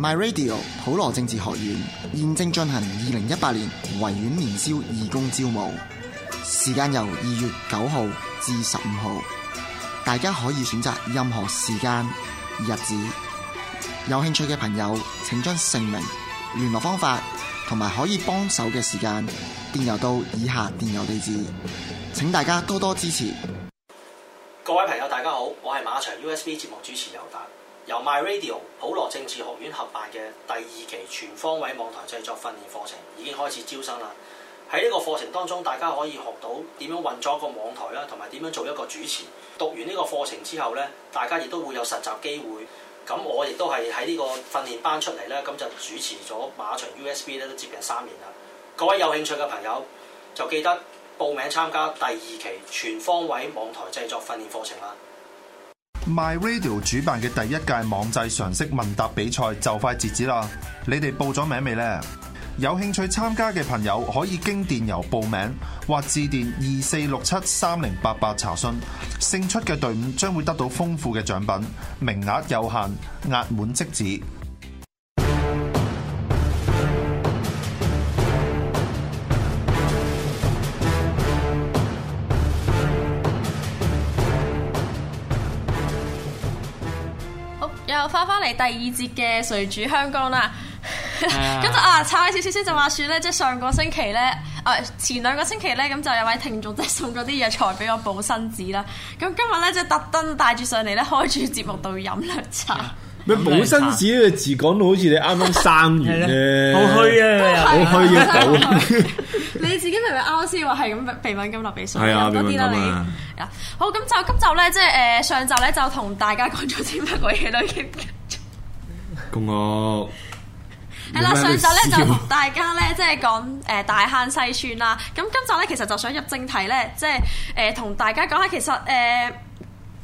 My Radio 普羅政治學院現正進行二零一八年維園年宵義工招募，時間由二月九號至十五號，大家可以選擇任何時間日子。有興趣嘅朋友，請將姓名、聯絡方法同埋可以幫手嘅時間電郵到以下電郵地址。請大家多多支持。各位朋友，大家好，我係馬場 USB 節目主持游達。由 My Radio 普羅政治學院合辦嘅第二期全方位網台製作訓練課程已經開始招生啦！喺呢個課程當中，大家可以學到點樣運作一個網台啦，同埋點樣做一個主持。讀完呢個課程之後咧，大家亦都會有實習機會。咁我亦都係喺呢個訓練班出嚟咧，咁就主持咗馬場 USB 咧都接近三年啦。各位有興趣嘅朋友，就記得報名參加第二期全方位網台製作訓練課程啦！My Radio 主辦嘅第一屆網際常識問答比賽就快截止啦！你哋報咗名未呢？有興趣參加嘅朋友可以經電郵報名或致電二四六七三零八八查詢。勝出嘅隊伍將會得到豐富嘅獎品，名額有限，額滿即止。第二節嘅誰主香江啦，咁就啊差開少少先，就話說咧，即係上個星期咧，誒前兩個星期咧，咁就有位聽眾即係送咗啲藥材俾我補身子啦。咁今日咧就特登帶住上嚟咧，開住節目度飲涼茶。咩補身子呢個字講到好似你啱啱生完啫，好虛啊，好虛嘅。你自己係咪啱先話係咁鼻敏感落鼻水多啲啦？你好，咁就今集咧，即係誒上集咧就同大家講咗啲乜鬼嘢都～公屋係啦，上集咧就同大家咧即係講誒大坑細算啦，大坑西村。咁今集咧其實就想入正題咧，即係誒同大家講下，其實誒、呃、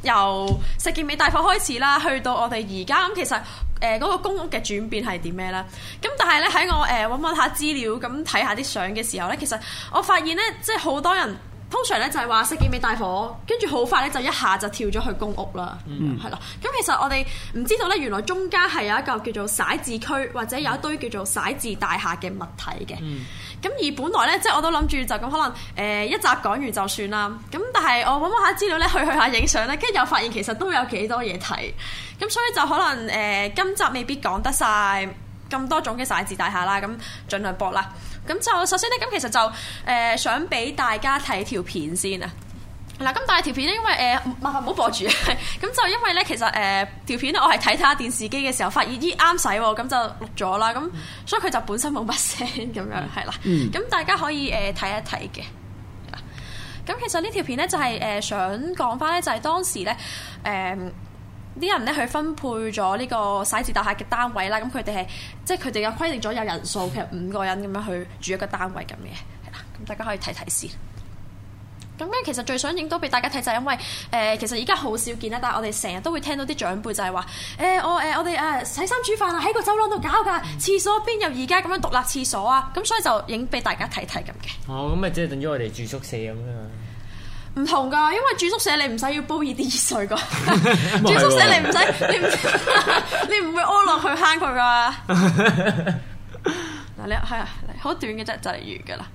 由石硤尾大火開始啦，去到我哋而家咁，其實誒嗰個公屋嘅轉變係點咩咧？咁但係咧喺我誒搵搵下資料，咁睇下啲相嘅時候咧，其實我發現咧即係好多人。通常咧就係話石硤尾大火，跟住好快咧就一下就跳咗去公屋啦，係啦、嗯。咁其實我哋唔知道咧，原來中間係有一個叫做徒置區，或者有一堆叫做徒置大廈嘅物體嘅。咁、嗯、而本來咧，即係我都諗住就咁可能誒一集講完就算啦。咁但係我揾揾下資料咧，去去下影相咧，跟住又發現其實都有幾多嘢睇。咁所以就可能誒、呃、今集未必講得晒咁多種嘅徒置大廈啦。咁盡量博啦。咁就首先呢，咁其實就誒想俾大家睇條片先啊！嗱，咁但係條片呢，因為誒，麻煩唔好播住啊！咁就因為呢，其實誒條片我係睇睇下電視機嘅時候，發現咦啱使喎，咁就錄咗啦。咁所以佢就本身冇乜聲咁樣，係啦。咁大家可以誒睇一睇嘅。咁、嗯、其實呢條片呢，就係誒想講翻呢，就係當時呢。誒、嗯。啲人咧，佢分配咗呢個徙置大廈嘅單位啦，咁佢哋係即係佢哋有規定咗有人數，譬如五個人咁樣去住一個單位咁嘅，咁大家可以睇睇先。咁咧，其實最想影到俾大家睇就係因為誒、呃，其實而家好少見啦，但係我哋成日都會聽到啲長輩就係話誒，我誒、欸、我哋誒洗衫煮飯啊，喺個走廊度搞㗎，廁所邊有而家咁樣獨立廁所啊？咁所以就影俾大家睇睇咁嘅。哦，咁咪即係等於我哋住宿舍咁啊。唔同噶，因為住宿舍你唔使要煲熱啲熱水噶，住 是、啊、宿舍你唔使你唔你唔會屙落去慳佢噶嗱。你係啊， 好短嘅啫，就係完噶啦。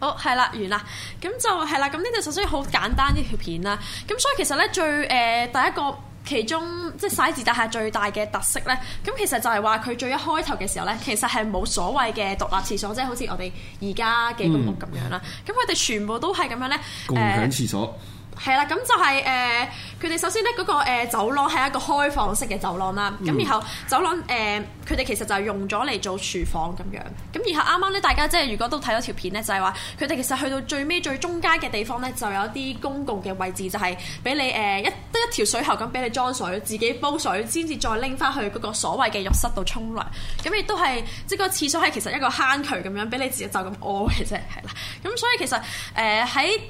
好係啦，完啦，咁就係啦。咁呢度首先好簡單呢條片啦，咁所以其實咧最誒、呃、第一個。其中即係徒置大廈最大嘅特色呢，咁其實就係話佢最一開頭嘅時候呢，其實係冇所謂嘅獨立廁所，即係好似我哋而家嘅公屋咁樣啦。咁佢哋全部都係咁樣呢，共享廁所。係啦，咁就係、是、誒，佢、呃、哋首先咧嗰、那個、呃、走廊係一個開放式嘅走廊啦，咁、mm hmm. 然後走廊誒，佢、呃、哋其實就係用咗嚟做廚房咁樣，咁然後啱啱咧大家即係如果都睇到條片咧，就係話佢哋其實去到最尾最中間嘅地方咧，就有啲公共嘅位置，就係、是、俾你誒、呃、一得一,一條水喉咁俾你裝水，自己煲水先至再拎翻去嗰個所謂嘅浴室度沖涼，咁亦都係即係個廁所係其實一個坑渠咁樣，俾你自己就咁屙嘅啫，係啦，咁所以其實誒喺。呃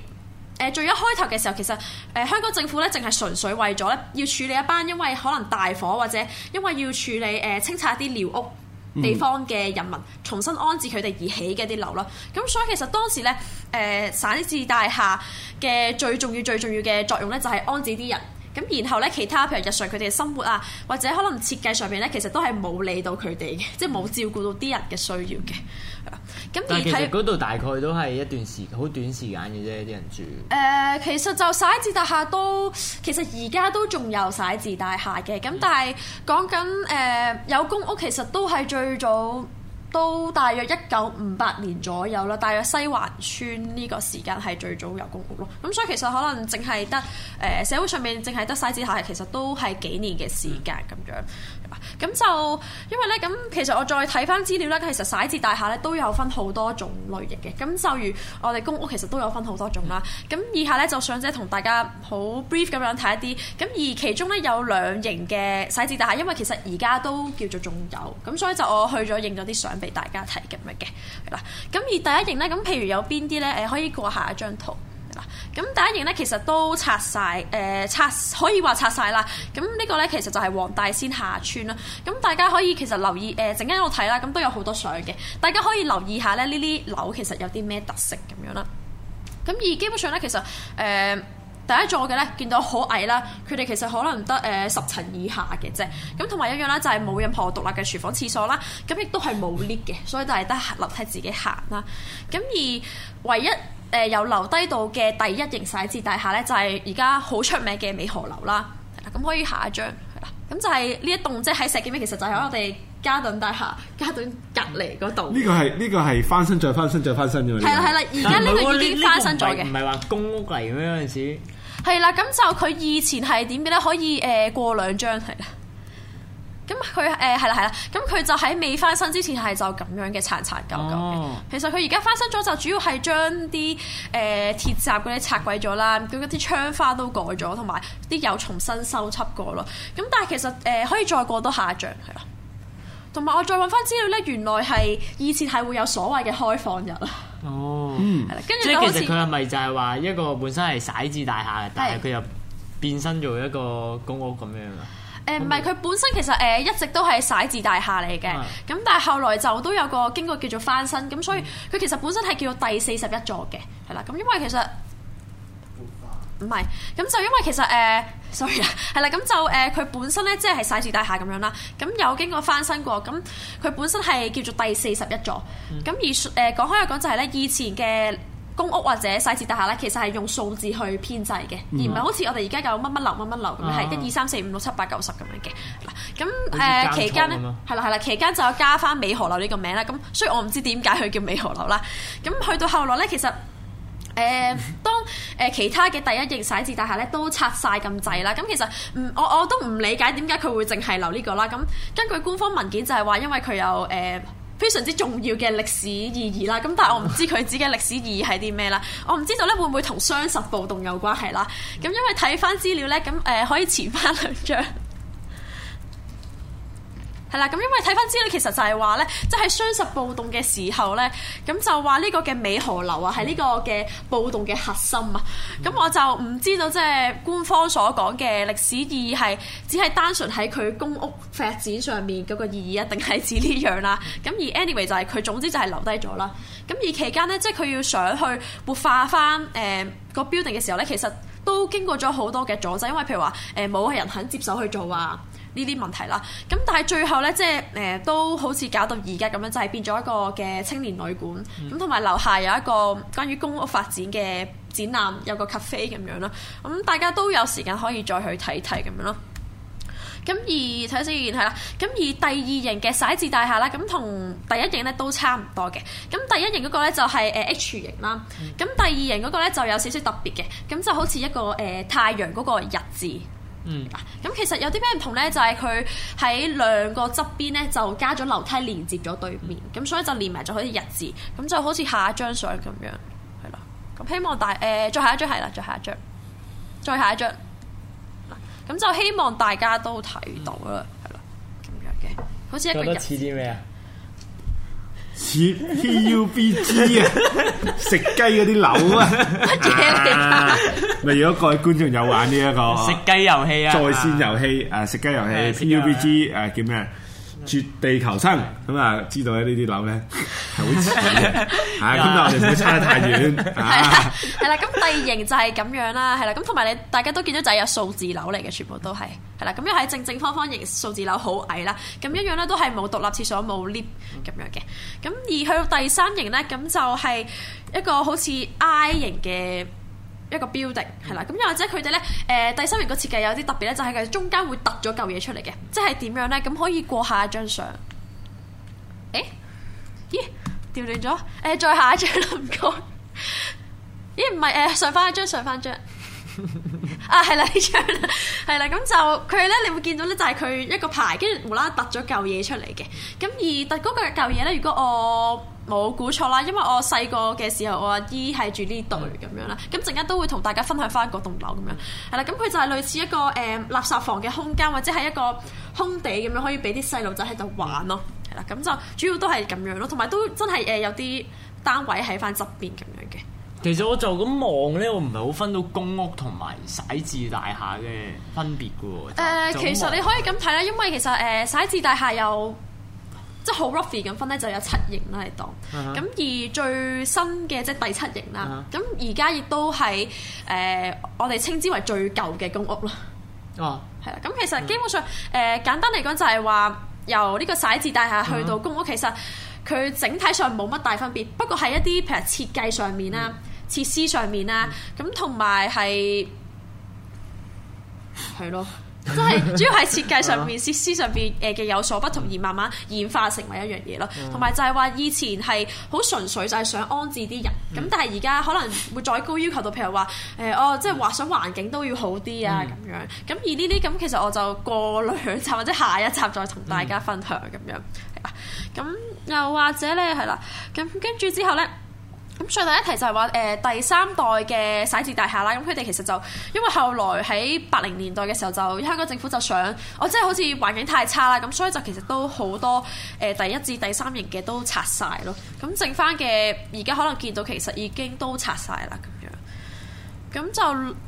誒，最一開頭嘅時候，其實誒、呃、香港政府咧，淨係純粹為咗要處理一班因為可能大火或者因為要處理誒、呃、清拆一啲寮屋地方嘅人民，嗯、重新安置佢哋而起嘅啲樓咯。咁所以其實當時咧，誒、呃、徙置大廈嘅最重要、最重要嘅作用咧，就係安置啲人。咁然後咧，其他譬如日常佢哋嘅生活啊，或者可能設計上邊咧，其實都係冇理到佢哋嘅，即係冇照顧到啲人嘅需要嘅。咁、嗯、而係嗰度大概都係一段時好短時間嘅啫，啲人住。誒、呃，其實就徙置大廈都，其實而家都仲有徙置大廈嘅。咁但係講緊誒有公屋，其實都係最早。都大約一九五八年左右啦，大約西環村呢個時間係最早有公屋咯。咁、嗯、所以其實可能淨係得誒社會上面淨係得徙置下，其實都係幾年嘅時間咁樣。咁就因為咧，咁其實我再睇翻資料啦，其實徙置大廈咧都有分好多種類型嘅。咁就如我哋公屋其實都有分好多種啦。咁以下咧就想者同大家好 brief 咁樣睇一啲咁，而其中咧有兩型嘅徙置大廈，因為其實而家都叫做仲有咁，所以就我去咗影咗啲相俾大家睇咁樣嘅嗱。咁而第一型咧，咁譬如有邊啲咧？誒，可以過下一張圖。咁第一型咧，其實都拆晒，誒、呃、拆可以話拆晒啦。咁、這個、呢個咧，其實就係黃大仙下村啦。咁大家可以其實留意，誒陣間喺度睇啦，咁都有好多相嘅。大家可以留意下咧，呢啲樓其實有啲咩特色咁樣啦。咁而基本上咧，其實誒、呃、第一座嘅咧，見到好矮啦，佢哋其實可能得誒十層以下嘅啫。咁同埋一樣啦，就係、是、冇任何獨立嘅廚房、廁所啦。咁亦都係冇 lift 嘅，所以都係得樓梯自己行啦。咁而唯一。誒有留低到嘅第一型徙置大廈咧，就係而家好出名嘅美荷樓啦。咁可以下一張，咁就係、是、呢一棟即喺、就是、石硤尾，其實就喺、是、我哋嘉頓大廈嘉頓隔離嗰度。呢個係呢、這個係翻新再翻新再翻新咗。係啦係啦，而家呢個已經翻新咗嘅。唔係話公屋嚟咩嗰陣時？係啦，咁就佢以前係點嘅咧？可以誒過兩張係。咁佢誒係啦係啦，咁佢就喺未翻身之前係就咁樣嘅殘殘舊舊。其實佢而家翻身咗，就主要係將啲誒鐵閘嗰啲拆鬼咗啦，佢嗰啲窗花都改咗，同埋啲又重新修葺過咯。咁但係其實誒可以再過多一下一仗㗎。同埋我再揾翻資料咧，原來係以前係會有所謂嘅開放日 哦，嗯，係啦，跟住即係其實佢係咪就係話一個本身係徙置大廈嘅，對但係佢又變身做一個公屋咁樣啊？誒唔係，佢、嗯呃、本身其實誒、呃、一直都係徙置大廈嚟嘅，咁、嗯、但係後來就都有個經過叫做翻新，咁所以佢其實本身係叫做第四十一座嘅，係啦，咁因為其實唔係，咁、嗯、就因為其實誒、呃、sorry 啦，係啦，咁就誒佢本身咧即係係徙置大廈咁樣啦，咁有經過翻新過，咁佢本身係叫做第四十一座，咁、嗯、而誒、呃、講開又講就係咧以前嘅。公屋或者徙置大廈咧，其實係用數字去編制嘅，mm hmm. 而唔係好似我哋而家有乜乜樓乜乜樓咁樣，係一二三四五六七八九十咁樣嘅。嗱、hmm.，咁誒、呃、期間咧，係啦係啦，期間就有加翻美荷樓呢個名啦。咁所以我唔知點解佢叫美荷樓啦，咁去到後來咧，其實誒、呃、當誒其他嘅第一型徙置大廈咧都拆晒咁滯啦，咁其實唔我我都唔理解點解佢會淨係留呢、這個啦。咁根據官方文件就係話，因為佢有誒、呃非常之重要嘅歷史意義啦，咁但係我唔知佢指嘅歷史意義係啲咩啦，我唔知道咧會唔會同雙十暴動有關係啦，咁因為睇翻資料咧，咁、呃、可以遲翻兩張。係啦，咁因為睇翻資料，其實就係話咧，即係雙十暴動嘅時候咧，咁就話呢個嘅美荷樓啊，係呢個嘅暴動嘅核心啊。咁、嗯、我就唔知道，即係官方所講嘅歷史意義係只係單純喺佢公屋發展上面嗰個意義，一定係指呢樣啦。咁而 anyway 就係佢總之就係留低咗啦。咁而期間呢，即係佢要想去活化翻誒個 building 嘅時候咧，其實都經過咗好多嘅阻滯，因為譬如話誒冇人肯接手去做啊。呢啲問題啦，咁但係最後呢，即係誒、呃、都好似搞到而家咁樣，就係、是、變咗一個嘅青年旅館，咁同埋樓下有一個關於公屋發展嘅展覽，有個 cafe 咁樣啦，咁、嗯、大家都有時間可以再去睇睇咁樣咯。咁而睇先，係啦，咁而，而第二型嘅徙置大廈啦，咁同第一型呢都差唔多嘅，咁第一型嗰個咧就係誒 H 型啦，咁、嗯、第二型嗰個咧就有少少特別嘅，咁就好似一個誒、呃、太陽嗰個日字。嗯，咁其實有啲咩唔同呢？就係佢喺兩個側邊呢，就加咗樓梯連接咗對面，咁所以就連埋咗好似日字，咁就好似下一張相咁樣，係啦，咁希望大誒、欸，再下一張係啦，再下一張，再下一張，咁就希望大家都睇到啦，係啦，咁樣嘅，好似一個日字。再似啲咩啊？似 PUBG 啊，食雞嗰啲樓啊，未如果各位觀眾有玩呢、這、一個食雞遊戲啊，在綫遊戲誒、啊啊、食雞遊戲、啊、PUBG 誒、啊、叫咩？絕地求生咁啊！知道咧呢啲樓咧係好似嘅，嚇咁 啊！我哋唔會差得太遠嚇。係啦、 啊，咁第二型就係咁樣啦，係啦，咁同埋你大家都見到就係有數字樓嚟嘅，全部都係係啦，咁又係正正方方形，數字樓，好矮啦，咁一樣咧都係冇獨立廁所冇 lift 咁樣嘅，咁而去到第三型咧，咁就係一個好似 I 型嘅。一個 building 係啦，咁又或者佢哋咧，誒、呃，第三名個設計有啲特別咧，就喺、是、佢中間會突咗嚿嘢出嚟嘅，即係點樣咧？咁可以過下一張相。誒、欸，咦、欸，調亂咗？誒、呃，再下一張啦，唔 該、欸。咦，唔係誒，上翻一張，上翻張。 啊，係啦，呢張係啦，咁就佢咧，你會見到咧，就係佢一個牌，跟住無啦啦突咗嚿嘢出嚟嘅。咁而突嗰個嚿嘢咧，如果我冇估錯啦，因為我細個嘅時候我，我阿姨係住呢對咁樣啦。咁陣間都會同大家分享翻嗰棟樓咁樣。係啦，咁佢就係類似一個誒垃圾房嘅空間，或者係一個空地咁樣，可以俾啲細路仔喺度玩咯。係、嗯、啦，咁、嗯、就主要都係咁樣咯，同埋都真係誒有啲單位喺翻側邊咁樣嘅。 其實我就咁望咧，我唔係好分到公屋同埋徙置大廈嘅分別嘅喎。呃、很其實你可以咁睇啦，因為其實誒徙置大廈有即係好 roughly 咁分咧，就有七型啦嚟當咁。嗯、哼而最新嘅即係第七型啦，咁而家亦都係誒我哋稱之為最舊嘅公屋啦。哦，係啦。咁其實基本上誒、呃、簡單嚟講，就係話由呢個徙置大廈去到公屋，嗯、哼其實佢整體上冇乜大分別，不過係一啲譬如設，設計上面啦。設施上面啦，咁同埋係係咯，即 係主要係設計上面、設 施上面誒嘅有所不同而慢慢演化成為一樣嘢咯。同埋、嗯、就係話以前係好純粹就係想安置啲人，咁、嗯、但係而家可能會再高要求到，譬如話誒、呃，哦，即係話想環境都要好啲啊咁、嗯、樣。咁而呢啲咁其實我就過兩集或者下一集再同大家分享咁、嗯、樣。咁又或者咧係啦，咁跟住之後咧。咁所以第一題就係話誒第三代嘅徙置大廈啦，咁佢哋其實就因為後來喺八零年代嘅時候就香港政府就想，哦，即係好似環境太差啦，咁所以就其實都好多誒、呃、第一至第三型嘅都拆晒咯，咁剩翻嘅而家可能見到其實已經都拆晒啦咁樣，咁就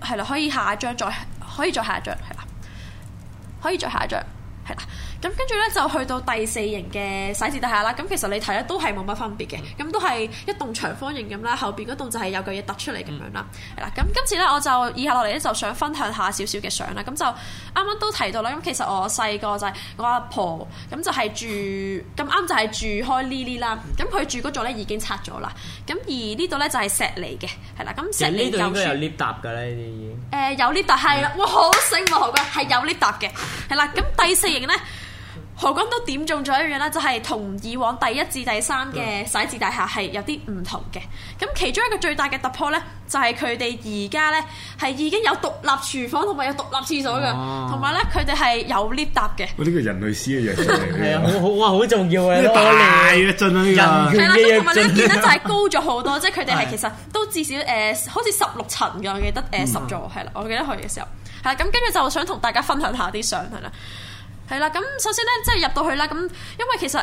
係啦，可以下一張再可以再下一張係啦，可以再下一張係啦。咁跟住咧就去到第四型嘅徒置大廈啦。咁其實你睇咧都係冇乜分別嘅，咁都係一棟長方形咁啦。後邊嗰棟就係有嚿嘢突出嚟咁、嗯、樣啦。係啦，咁今次咧我就以下落嚟咧就想分享下少少嘅相啦。咁就啱啱都提到啦。咁其實我細個就係我阿婆咁就係、是、住咁啱就係住開呢啲啦。咁佢住嗰座咧已經拆咗啦。咁而呢度咧就係石籬嘅，係啦、呃。咁石籬有冇、嗯、有 lift 搭噶咧？呢啲誒有 lift 搭係啦，哇好醒目㗎，係有 lift 搭嘅。係啦，咁第四型咧。何君都點中咗一樣咧，就係同以往第一至第三嘅徒置大廈係有啲唔同嘅。咁其中一個最大嘅突破咧，就係佢哋而家咧係已經有獨立廚房同埋有獨立廁所嘅，同埋咧佢哋係有 lift 搭嘅。呢個人類史嘅嘢嚟嘅， 啊，好好啊，好重要啊，大嘅進啊，係啦，同埋咧建得就係高咗好多，即係佢哋係其實都至少誒、呃、好似十六層嘅，我記得誒十、呃、座係啦，我記得去嘅時候係啦，咁跟住就想同大家分享下啲相係啦。係啦，咁首先咧，即係入到去啦，咁因為其實誒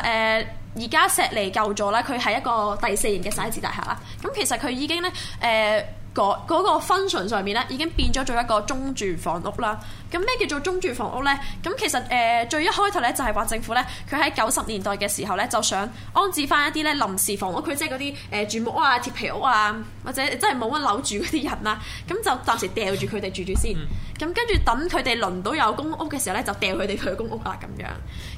而家石籬舊座啦，佢係一個第四型嘅徙置大廈啦，咁其實佢已經咧誒嗰個 function 上面咧已經變咗做一個中轉房屋啦。咁咩叫做中轉房屋咧？咁其實誒、呃、最一開頭咧就係話政府咧，佢喺九十年代嘅時候咧，就想安置翻一啲咧臨時房屋，佢即係嗰啲誒住木屋啊、鐵皮屋啊，或者真係冇乜樓住嗰啲人啦。咁、嗯、就暫時掉住佢哋住住先。咁跟住等佢哋輪到有公屋嘅時候咧，就掉佢哋去公屋啦。咁樣，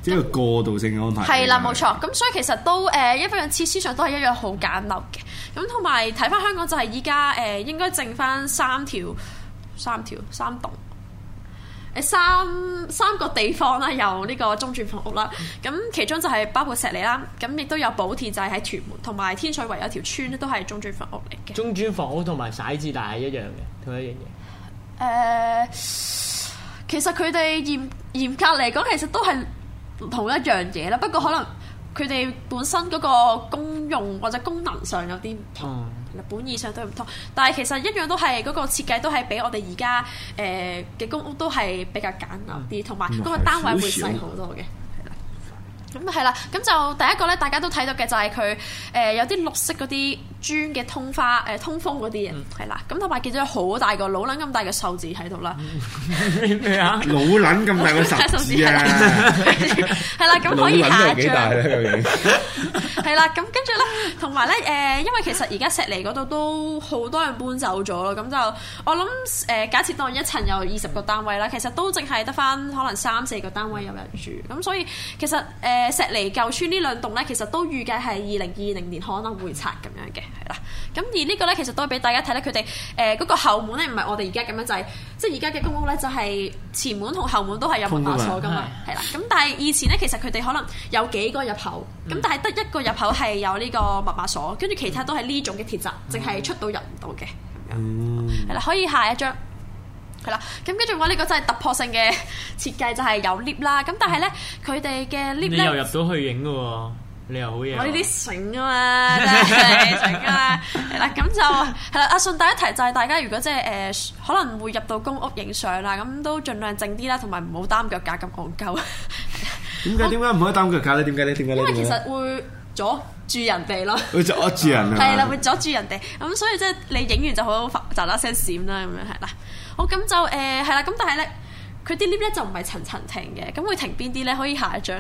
即係過渡性嘅安排。係啦那，冇的錯。咁、嗯、所以其實都誒一樣設施上都係一樣好簡陋嘅。咁同埋睇翻香港就係依家誒應該剩翻三條、三條、三棟。三三三個地方啦，有呢個中轉房屋啦，咁、嗯、其中就係包括石梨啦，咁亦都有補貼就係喺屯門同埋天水圍有一條村咧，都係中轉房屋嚟嘅。中轉房屋同埋徙置大係一樣嘅，同，樣呃、同一樣嘢。誒，其實佢哋嚴嚴格嚟講，其實都係同一樣嘢啦。不過可能佢哋本身嗰個功用或者功能上有啲唔同。本意上都唔同，但係其實一樣都係嗰個設計都係比我哋而家誒嘅公屋都係比較簡陋啲，同埋嗰個單位會細好多嘅。係啦，咁係啦，咁就第一個咧，大家都睇到嘅就係佢誒有啲綠色嗰啲。磚嘅通花誒通風嗰啲嘢，係啦、嗯，咁同埋見咗好大個老撚咁大嘅數字喺度啦。咩啊？老撚咁大個數字，麼 字啊？係 啦，咁可以下降。老撚係幾大咧？ 啦，咁跟住咧，同埋咧誒，因為其實而家石梨嗰度都好多人搬走咗咯，咁就我諗誒，假設當一層有二十個單位啦，其實都淨係得返可能三四個單位有人住，咁、嗯、所以其實誒石梨舊村呢兩棟咧，其實都預計係二零二零年可能會拆咁樣嘅。係啦，咁而呢個咧，其實都係俾大家睇咧，佢哋誒嗰個後門咧，唔係我哋而家咁樣，就係即係而家嘅公屋咧，就係前門同後門都係有密碼鎖噶嘛，係啦。咁但係以前咧，其實佢哋可能有幾個入口，咁、嗯、但係得一個入口係有呢個密碼鎖，跟住其他都係呢種嘅鐵閘，淨係出到入唔到嘅咁係啦，可以下一張。係啦，咁跟住嘅話，呢個真係突破性嘅設計，就係、是、有 lift 啦。咁但係咧，佢哋嘅 lift 咧，你又入到去影嘅喎。你又好嘢，我呢啲醒㗎嘛，真係醒㗎嘛。嗱，咁就係啦。阿信第一題就係大家如果即係誒可能會入到公屋影相啦，咁都盡量靜啲啦，同埋唔好擔腳架咁戇鳩。點解，點解唔可以擔腳架咧？點解咧？點解咧？因為其實會阻住人哋咯。會阻住人，係啦，會阻住人哋。咁所以即係你影完就好，喳喳聲閃啦咁樣係啦。好，咁就誒係啦。咁但係咧，佢啲 lift 咧就唔係層層停嘅，咁會停邊啲咧？可以下一張。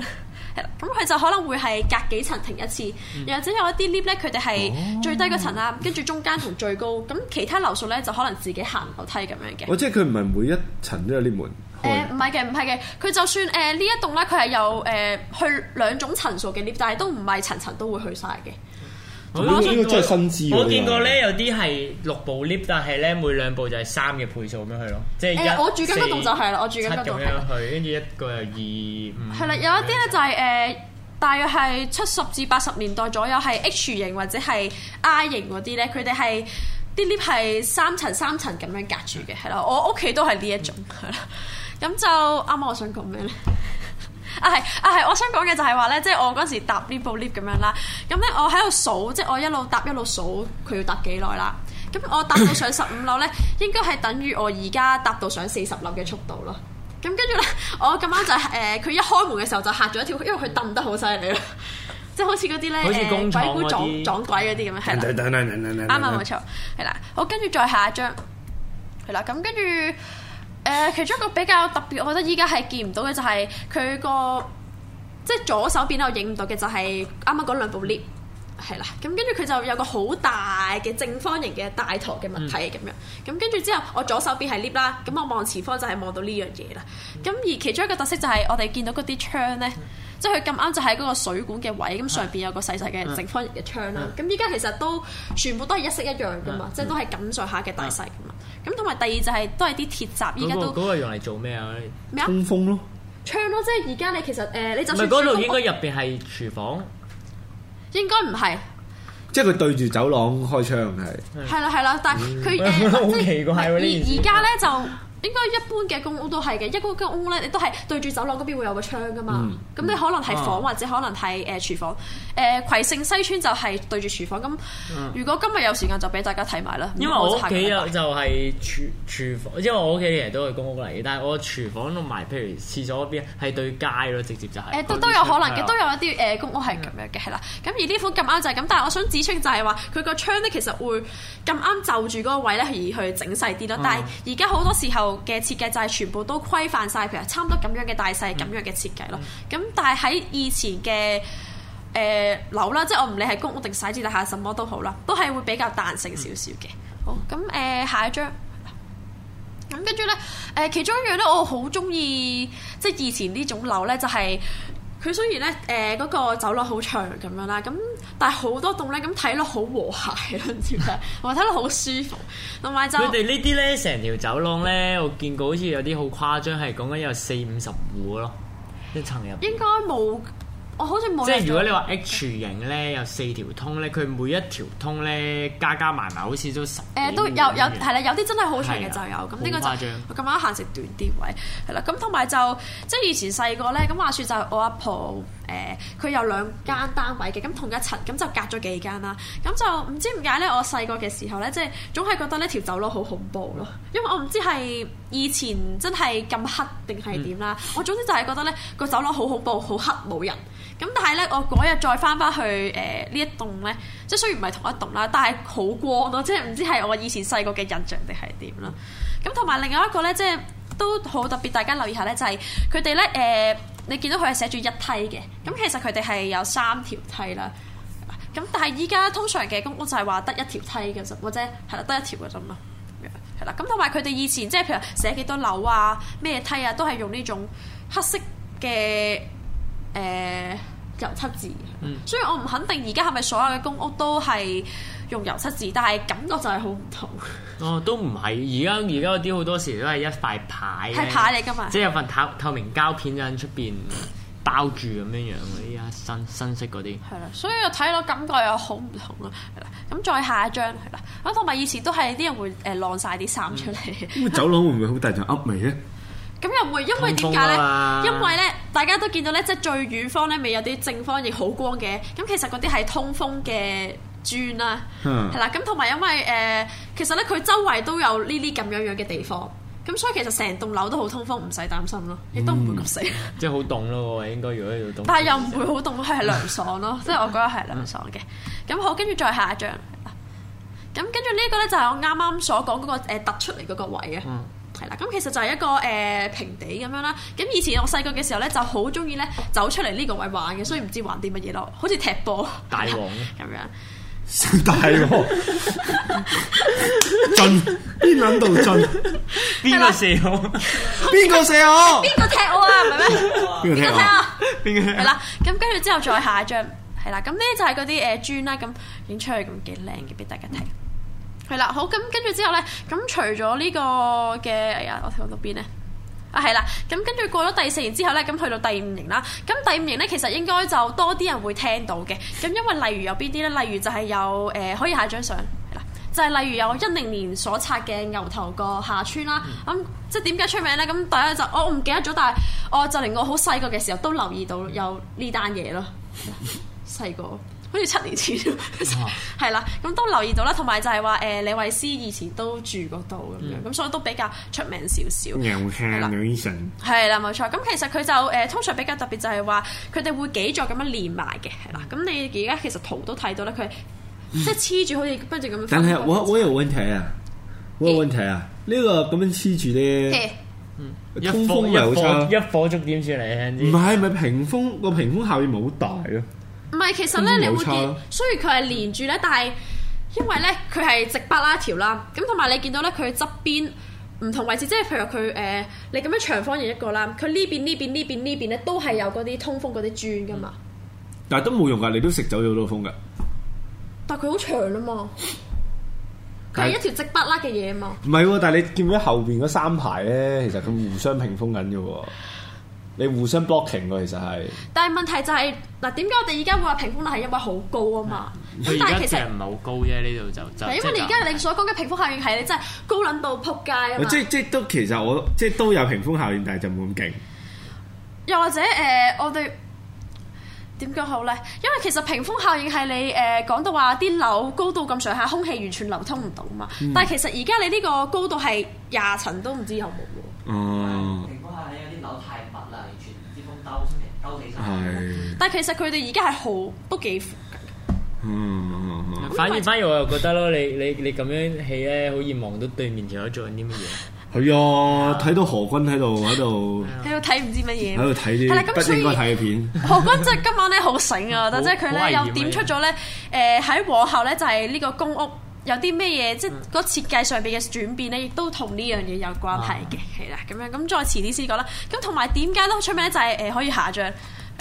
咁佢就可能會係隔幾層停一次，又、嗯、或者有一啲 lift 咧，佢哋係最低嗰層啦，跟住、哦、中間同最高，咁其他樓數咧就可能自己行樓梯咁樣嘅。哦，即係佢唔係每一層都有 lift 門。誒、呃，唔係嘅，唔係嘅，佢就算誒呢、呃、一棟咧，佢係有誒去兩種層數嘅 lift，但係都唔係層層都會去晒嘅。真新我見過咧，有啲係六部 lift，但係咧每兩部就係三嘅倍數咁樣去咯，即係一四七咁樣去，跟住一個又二五。係、就是就是、啦，有一啲咧就係、是、誒，大約係七十至八十年代左右係 H 型或者係 I 型嗰啲咧，佢哋係啲 lift 係三層三層咁樣隔住嘅，係啦，我屋企都係呢一種，係啦、嗯，咁就啱啱我想講咩咧？啊係啊係、啊，我想講嘅就係話咧，即係我嗰時搭呢部 lift 咁樣啦，咁咧我喺度數，即、就、係、是、我一路搭一路數佢要搭幾耐啦。咁我搭到上十五樓咧， 應該係等於我而家搭到上四十樓嘅速度咯。咁跟住咧，我咁啱就係、是、誒，佢、呃、一開門嘅時候就吓咗一跳，因為佢蹬得好犀利咯，即係好似嗰啲咧鬼古撞撞鬼嗰啲咁樣，係，啱啱？冇錯，係啦。好，跟住再下一張，係啦，咁跟住。誒，其中一個比較特別，我覺得依家係見唔到嘅就係佢個即係左手邊我影唔到嘅就係啱啱嗰兩部 lift 係啦，咁跟住佢就有個好大嘅正方形嘅大坨嘅物體咁樣，咁跟住之後我左手邊係 lift 啦，咁我望前方就係望到呢樣嘢啦，咁而其中一個特色就係我哋見到嗰啲窗咧，即係佢咁啱就喺嗰個水管嘅位，咁上邊有個細細嘅正方形嘅窗啦，咁依家其實都全部都係一式一樣噶嘛，即係都係咁上下嘅大細。咁同埋第二就係、是、都係啲鐵閘，依家都嗰、嗰個嗰個用嚟做咩麼啊？通風咯，窗咯，即係而家你其實誒、呃，你就算嗰度應該入邊係廚房，應該唔係，即係佢對住走廊開窗係，係啦，係啦，但係佢誒即係好奇怪而而家咧就。 應該一般嘅公屋都係嘅，一公間屋咧，你都係對住走廊嗰邊會有個窗噶嘛。咁、嗯、你可能係房或者可能係誒廚房。誒、啊呃、葵盛西村就係對住廚房。咁如果今日有時間就俾大家睇埋啦。因為我屋企就係廚廚房，因為我屋企其實都係公屋嚟嘅，但係我廚房同埋，譬如廁所嗰邊係對街咯，直接就係。都都、呃、有可能嘅，都有一啲誒公屋係咁樣嘅，係啦、嗯。咁而呢款咁啱就係咁，但係我想指出就係話佢個窗咧，其實會咁啱就住嗰個位咧而去整細啲咯。但係而家好多時候。嘅設計就係全部都規範晒，譬如差唔多咁樣嘅大細、咁樣嘅設計咯。咁但係喺以前嘅誒、呃、樓啦，即係我唔理係公屋定私住，底下，什麼都好啦，都係會比較彈性少少嘅。好咁誒、呃，下一張咁跟住咧，誒、呃、其中一樣咧，我好中意，即係以前呢種樓咧、就是，就係。佢雖然咧，誒、呃、嗰、那個走廊好長咁樣啦，咁但係好多棟咧，咁睇落好和諧咯，唔知點解，同埋睇落好舒服，同埋就佢哋呢啲咧，成條走廊咧，我見過好似有啲好誇張，係講緊有四五十戶咯，一層入面應該冇。我、oh，好似冇。即係如果你話 H 型咧，有四條通咧，佢、欸、每一條通咧加加埋埋好似都十、欸。誒都有有係啦，有啲這樣 真係好長嘅就有。咁呢的個就咁啱行食短啲位係啦。咁同埋就即係以前細個咧，咁話説就我阿婆誒，佢、呃、有兩間單位嘅，咁同一層咁就隔咗幾間啦。咁就唔知點解咧，我細個嘅時候咧，即係總係覺得呢條走廊好恐怖咯，因為我唔知係以前真係咁黑定係點啦。嗯、我總之就係覺得咧個走廊好恐怖，好黑冇人。咁但係咧，我嗰日再返返去誒呢、呃、一棟咧，即係雖然唔係同一棟啦，但係好光咯、啊，即係唔知係我以前細個嘅印象定係點啦。咁同埋另外一個咧，即係都好特別，大家留意下咧，就係佢哋咧誒，你見到佢係寫住一梯嘅，咁其實佢哋係有三條梯啦。咁但係依家通常嘅公屋就係話得一條梯嘅啫，或者係得一條嘅啫嘛。係啦，咁同埋佢哋以前即係譬如寫幾多樓啊、咩梯啊，都係用呢種黑色嘅。誒、呃、油漆字，嗯、所以我唔肯定而家係咪所有嘅公屋都係用油漆字，但係感覺就係好唔同。哦，都唔係，而家而家啲好多時都係一塊牌，係牌嚟㗎嘛，即係有份透透明膠片印出邊包住咁樣樣嗰啲新新式嗰啲。係啦， 所以我睇落感覺又好唔同咯。係啦，咁再下一張係啦，咁同埋以前都係啲人會誒晾晒啲衫出嚟。嗯、 走廊會唔會好大陣噏味咧？ 咁又唔會，因為點解咧？因為咧，大家都見到咧，即係最遠方咧，咪有啲正方形好光嘅。咁其實嗰啲係通風嘅磚啦，係啦。咁同埋因為誒，其實咧佢、嗯呃、周圍都有呢啲咁樣樣嘅地方。咁所以其實成棟樓都好通風，唔使擔心、嗯、咯，亦都唔會咁死。即係好凍咯，我話應該如果要凍。但係又唔會好凍，係涼 爽咯。即係 我覺得係涼爽嘅。咁、嗯、好，跟住再下一張。咁跟住呢一個咧，就係我啱啱所講嗰個誒突出嚟嗰個位啊。嗯係啦，咁其實就係一個誒平地咁樣啦。咁以前我細個嘅時候咧，就好中意咧走出嚟呢個位玩嘅，所以唔知玩啲乜嘢咯。好似踢波大王咁樣，大王進邊兩度進邊個射我？邊個吧射我？邊個踢我啊？唔係咩？邊個踢我？邊個踢？係啦，咁跟住之後再下一張，係啦，咁咧就係嗰啲誒磚啦，咁影出去咁幾靚嘅，俾大家睇。係啦，好咁跟住之後呢，咁除咗呢個嘅，哎呀，我睇講到邊呢？啊，係啦，咁跟住過咗第四年之後呢，咁去到第五年啦。咁第五年呢，其實應該就多啲人會聽到嘅。咁因為例如有邊啲呢？例如就係有誒、呃，可以下張相。就係、是、例如有一零年所拆嘅牛頭角下村啦。咁、嗯嗯、即係點解出名呢？咁大家就、哦、我唔記得咗，但係我、哦、就令我好細個嘅時候都留意到有呢單嘢咯。細個。 好似七年前， 係啦，咁都留意到啦，同埋就係話，誒，李慧詩以前都住嗰度咁樣，咁、嗯、所以都比較出名少少。係、嗯、啦，冇錯生。咁其實佢就誒，通常比較特別就係話，佢哋會幾座咁樣連埋嘅，係啦。咁你而家其實圖都睇到咧，佢即係黐住，好似不住咁樣。但係我我有問題啊，我有問題啊，呢、嗯啊這個咁樣黐住咧，通風又差、嗯嗯，一火燭點住嚟，唔係係咪屏風個屏風效應冇大咯。唔係，其實咧你會見雖然佢係連住咧，嗯、但係因為咧佢係直筆啦條啦。咁同埋你見到咧佢側邊唔同位置，即係譬如佢誒、呃，你咁樣長方形一個啦，佢呢邊呢邊呢邊呢邊咧都係有嗰啲通風嗰啲磚噶嘛。嗯、但係都冇用噶，你都食走咗好多風噶、啊。但係佢好長啊嘛，佢係一條直筆啦嘅嘢嘛。唔係，但係你見唔見後邊嗰三排咧？其實佢互相屏風緊噶。你互相 blocking 喎，其實係。但係問題就係、是、嗱，點、啊、解我哋而家會話屏風率係因為好高啊嘛？ 但其實而家隻唔係好高啫，呢度就就因為而家你所講嘅屏風效應係你真係高撚到撲街啊嘛！即即、 就是就是、都其實我即、就是、都有屏風效應，但係就冇咁勁。又或者誒、呃，我對。點講好咧？因為其實屏風效應係你誒講、呃、到話啲樓高度咁上下，空氣完全流通唔到嘛。嗯、但係其實而家你呢個高度係廿層都唔知有冇喎。屏風效應因為啲樓太密啦，完全啲風兜唔兜起身。係。但係其實佢哋而家係好都幾嗯。嗯嗯，反而反而，我又覺得咯，你你你咁樣起咧，好易望到對面仲有做緊啲乜嘢？ 係啊，睇到何君喺度喺度，喺度睇唔知乜嘢，喺度睇啲。係啦，咁最近睇嘅片，何君真係今晚咧好醒啊！但係 即係佢咧又點出咗咧，誒、呃、喺往後咧就係呢個公屋有啲咩嘢，即係嗰設計上邊嘅轉變咧，亦都同呢樣嘢有關係嘅。係啦、啊，咁樣咁再遲啲先講啦。咁同埋點解都好出名就係、是、誒、呃、可以下載。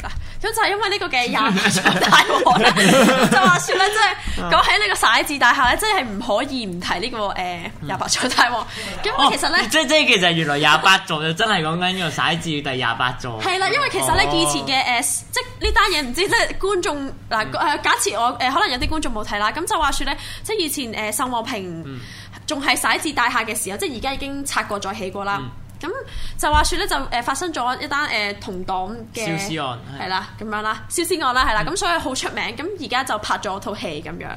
嗱，咁、啊、就係、是、因為呢個嘅廿八座大王咧， 就話說咧，即係講起呢個徙置大廈咧，真係唔可以唔提呢個誒廿八座大王。咁其實咧，即即係其實原來廿八座就真係講緊呢個徙置第廿八座。係啦，因為其實咧以前嘅誒、哦，即呢單嘢唔知即係觀眾嗱誒，嗯、假設我誒可能有啲觀眾冇睇啦，咁就話說咧，即以前誒秀茂坪仲係徙置大廈嘅時候，嗯、即而家已經拆過再起過啦。嗯咁就話説咧，就誒發生咗一單誒同黨嘅燒屍案，係啦咁樣啦，燒屍案啦，係啦，咁所以好出名。咁而家就拍咗套戲咁樣，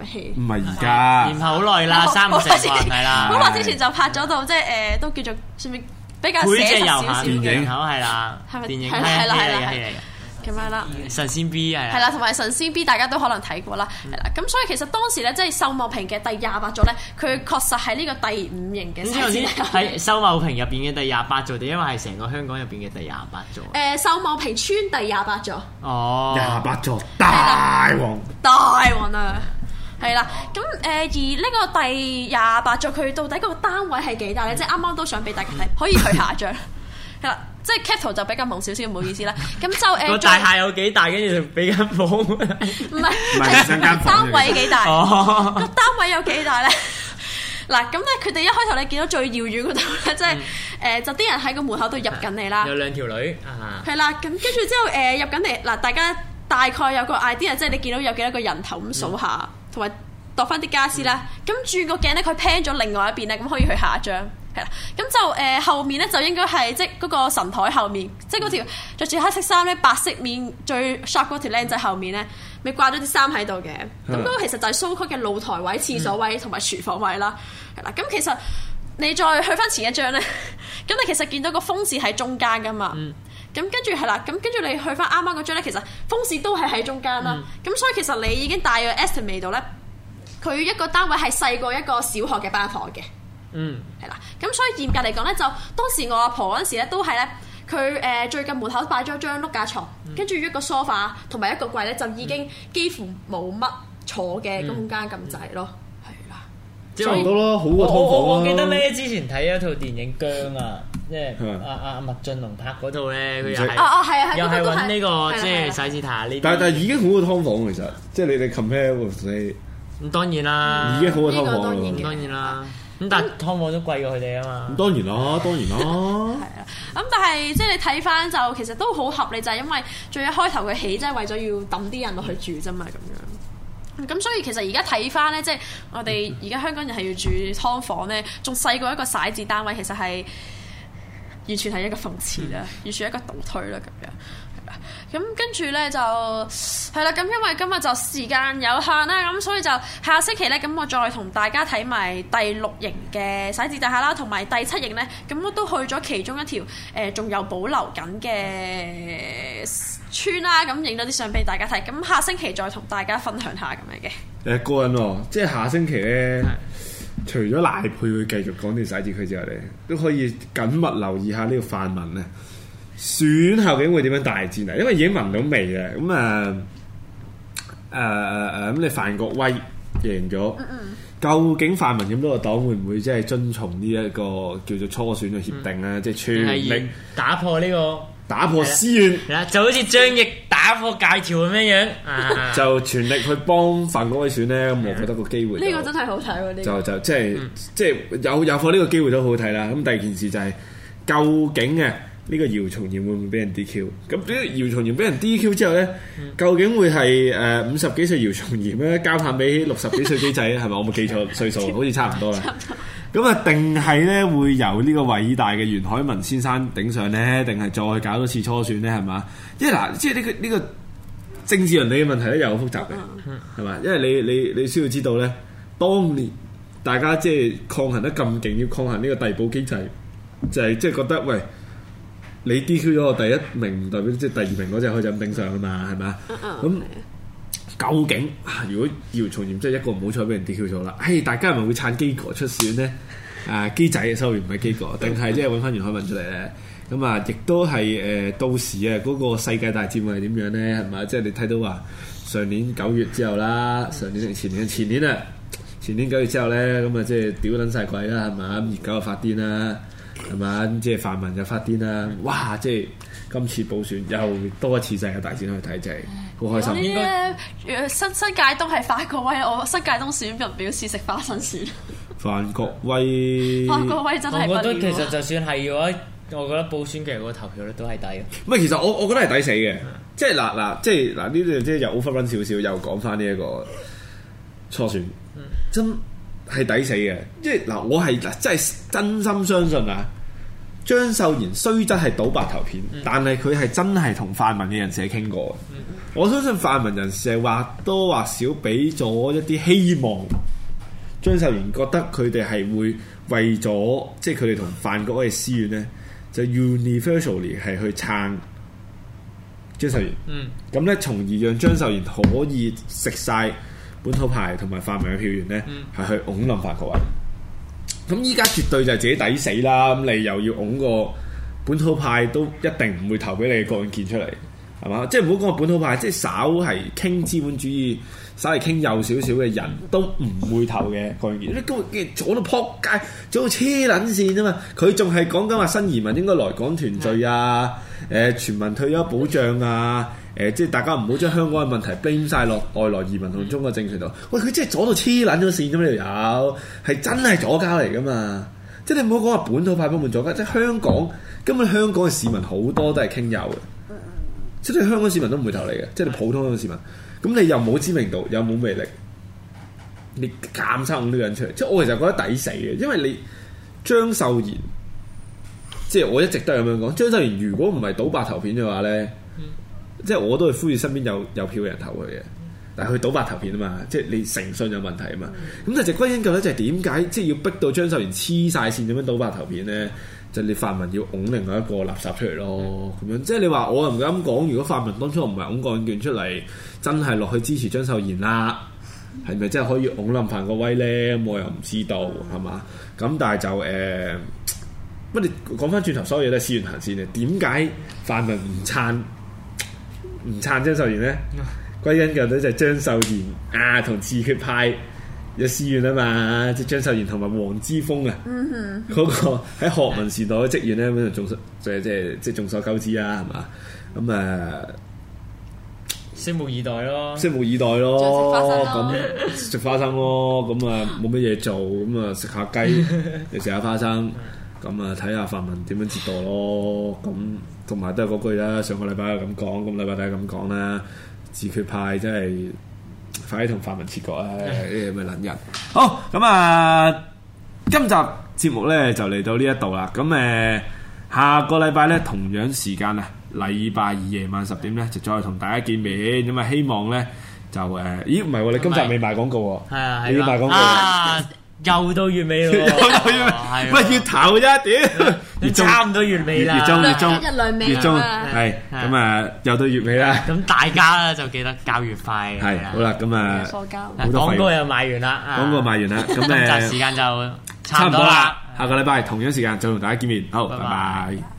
係咪？唔係而家，然後好耐啦，三五四年係啦，好耐之前就拍咗套即係誒，都叫做算比較寫實少少嘅電影，好係啦，係咪？係啦係啦。咁樣啦，神仙 B 係啦，同 埋神仙 B 大家都可能睇過啦，係啦，咁所以其實當時咧，即係秀茂坪嘅第廿八座咧，佢確實係呢個第五型嘅神仙喺秀茂坪入邊嘅第廿八座，就因為係成個香港入邊嘅第廿八座。誒、呃，秀茂坪村第廿八座。哦，廿八座，大王了，大王啊！係啦，咁誒，而呢個第廿八座佢到底嗰個單位係幾大咧？ 即係啱啱都想俾大家睇，可以睇下張。係啦。即係 cut 圖就比較蒙少少，唔好意思啦。咁就誒，個大廈有幾大，跟住就俾間房。唔係，單位幾大？個單位有幾大咧？嗱，咁咧，佢哋一開頭你見到最遙遠嗰度咧，即係誒，就啲人喺個門口度入緊你啦。有兩條女。係啦，咁跟住之後誒，入緊嚟嗱，大家大概有個 idea，即係你見到有幾多個人頭咁數下，同埋度翻啲家私啦。咁轉個鏡咧，佢 pan 咗另外一邊咧，咁可以去下一張。係啦，咁就誒後面咧，就應該係即嗰個神台後面，即嗰條着住黑色衫咧、白色面最 sharp 嗰條靚仔後面咧，咪掛咗啲衫喺度嘅。咁嗰個其實就係蘇區嘅露台位、廁所位同埋、嗯、廚房位啦。係啦，咁其實你再去翻前一張咧，咁你其實見到個風扇喺中間噶嘛。咁、嗯、跟住係啦，咁跟住你去翻啱啱嗰張咧，其實風扇都係喺中間啦。咁、嗯、所以其實你已經大約 Estimate 到咧，佢一個單位係細過一個小學嘅班房嘅。嗯，係啦，咁所以嚴格嚟講咧，就當時我阿婆嗰時咧都係咧，佢誒最近門口擺咗張碌架床，跟住一個梳化同埋一個櫃咧，就已經幾乎冇乜坐嘅空間咁滯咯，係啦，差唔多咯，好過㓥房咯。我我記得咧，之前睇一套電影《姜》啊，即係阿阿麥浚龍拍嗰套咧，佢又係哦哦係啊係啊，係揾呢個即係史蒂塔呢。但但已經好過劏房其實，即係你哋 compare 你咁當然啦，已經好過劏房啦，當然當然啦。咁但係劏房都貴過佢哋啊嘛！咁當然啦，當然啦。係啊 咁但係即係你睇翻就其實都好合理，就係、是、因為最一開頭嘅起，即、就、係、是、為咗要揼啲人落去住啫嘛，咁樣。咁所以其實而家睇翻咧，即係我哋而家香港人係要住劏房咧，仲細過一個骰子單位，其實係完全係一個諷刺啦， 完全係一個倒退啦，咁樣。咁跟住呢就係啦，咁因為今日就時間有限啦，咁所以就下星期呢，咁我再同大家睇埋第六型嘅徙置大廈啦，同埋第七型呢。咁我都去咗其中一條誒，仲、呃、有保留緊嘅村啦、啊，咁影咗啲相俾大家睇，咁下星期再同大家分享下咁樣嘅、呃。誒過癮喎，即係下星期呢，是的 除咗賴佩會繼續講呢啲徙置區之後，之就呢，都可以緊密留意下呢個泛民呢。選究竟會點樣大戰啊？因為已經聞到味啦，咁、嗯、啊，誒誒咁你范國威贏咗，嗯嗯究竟泛民咁多個黨會唔會即係遵從呢一個叫做初選嘅協定咧、啊？嗯、即係全力打破呢、這個，打破私怨，就好似張翼打破戒條咁樣樣，嗯嗯、就全力去幫范國威選咧。咁我覺得個機會，呢、嗯這個真係好睇、啊這個。就就即係即係有有咗呢個機會都好睇啦、啊。咁第二件事就係究竟嘅、啊。呢個姚松炎會唔會俾人 DQ？咁點？姚松炎俾人 DQ 之後呢，究竟會係誒五十幾歲姚松炎咧，交下俾六十幾歲基仔咧，係咪？ 我冇記錯歲數，好似差唔多啊。咁啊， 定係呢？會由呢個偉大嘅袁海文先生頂上呢，定係再搞多次初選呢？係嘛？因為嗱，即係呢個呢、呢個政治倫理嘅問題咧，又好複雜嘅，係嘛？因為你你你需要知道呢，當年大家即係抗衡得咁勁，要抗衡呢個遞補機制，就係即係覺得喂。你 DQ 咗我第一名唔代表即係第二名嗰隻可以就頂上啊嘛，係嘛？咁、uh, okay. 究竟如果姚松炎即係一個唔好彩俾人 DQ 咗啦，嘿，大家係咪會撐基哥出選呢？啊，基仔嘅收尾唔係基哥，定係即係揾翻袁海文出嚟咧？咁啊，亦都係誒、呃，到時啊，嗰、那個世界大戰會係點樣咧？係嘛？即係你睇到話上年九月之後啦，上年前年？前年啊，前年九月之後咧，咁啊，即係屌撚晒鬼啦，係咪？咁熱狗又發癲啦～係嘛、嗯？即係泛民就發癲啦！哇！即係今次補選又多一次世界大戰去睇，真係好開心。啲咧，新新界東係范國威，我新界東選人表示食花生線。范國威，范國威真係。我覺得其實就算係，我覺得補選嘅實個投票率都係抵。唔係，其實我我覺得係抵死嘅，即係嗱嗱，即係嗱呢度，即係又 open 少少，又講翻呢一個初選。嗯、真。係抵死嘅，即係嗱，我係真係真心相信啊！張秀賢雖則係賭白頭片，嗯、但係佢係真係同泛民嘅人士傾過、嗯、我相信泛民人士話多或少俾咗一啲希望，張秀賢覺得佢哋係會為咗即係佢哋同泛局嘅私怨呢，就 universally 係去撐張秀賢。咁、嗯、呢，從而讓張秀賢可以食晒。本土派同埋泛民嘅票源呢，係、嗯、去拱冧法國呀。咁依家絕對就自己抵死啦。咁你又要拱個本土派，都一定唔會投俾你郭榮鏗出嚟，係嘛？即係唔好講個本土派，即、就、係、是、稍係傾資本主義，稍為傾右少少嘅人都唔會投嘅，佢而家咁啊，阻到撲街，阻到黐撚線啊嘛！佢仲係講緊話新移民應該來港團聚啊，誒全民退休保障啊，誒即係大家唔好將香港嘅問題冰晒落外來移民同中國政權度。喂，佢真係阻到黐撚咗線呢條友，係、這個、真係左膠嚟㗎嘛？即係你唔好講話本土派幫佢左膠，即係香港根本香港嘅市民好多都係傾右嘅。即係香港市民都唔會投你嘅，即係你普通嘅市民。咁你又冇知名度，又冇魅力，你監生呢個人出嚟，即係我其實覺得抵死嘅，因為你張秀賢，即係我一直都係咁樣講，張秀賢如果唔係倒白頭片嘅話咧，嗯、即係我都係呼籲身邊有有票嘅人投佢嘅，但係佢倒白頭片啊嘛，即係你誠信有問題啊嘛。咁但係隻歸因究咧，就係點解即係要逼到張秀賢黐晒線咁樣倒白頭片咧？就你泛民要拱另外一個垃圾出嚟咯，咁樣即係你話，我又唔敢講。如果泛民當初唔係拱個案件出嚟，真係落去支持張秀賢啦，係咪真係可以拱冧范國威個位咧？我又唔知道，係嘛？咁但係就誒乜？你講翻轉頭，所有嘢都試完行先咧。點解泛民唔撐唔撐張秀賢咧？歸根結底就係張秀賢啊，同自決派。有試完啊嘛，即張秀賢同埋黃之鋒啊，嗰、嗯嗯、個喺學民時代嘅職員咧，咁就眾所即即即眾所周知啊，係嘛？咁誒、啊，拭目以待咯，拭目以待咯，咁食花生咯，咁啊冇乜嘢做，咁啊食下雞，又食下花生，咁啊睇下泛民點樣折墮咯，咁同埋都係嗰句啦，上個禮拜咁講，咁禮拜都係咁講啦，自決派真係。快同泛民切割啦，唔係 人。好，咁啊，今集節目咧就嚟到呢一度啦。咁、啊、誒，下個禮拜咧同樣時間啊，禮拜二夜晚十點咧就再同大家見面。咁啊，希望咧就誒，咦唔係喎，你今集未賣廣告喎？係啊，係啊，你要賣廣告啊啊啊？又到月尾喎，係咪月頭啫？屌、 哦！ 月中差唔多月尾啦，一兩尾啦，係咁啊，又到月尾啦。咁大家就記得交月費。係好啦，咁啊，貨交，廣告又買完啦，廣告買完啦，咁誒時間就差唔多啦。下個禮拜同樣時間再同大家見面，好，拜拜。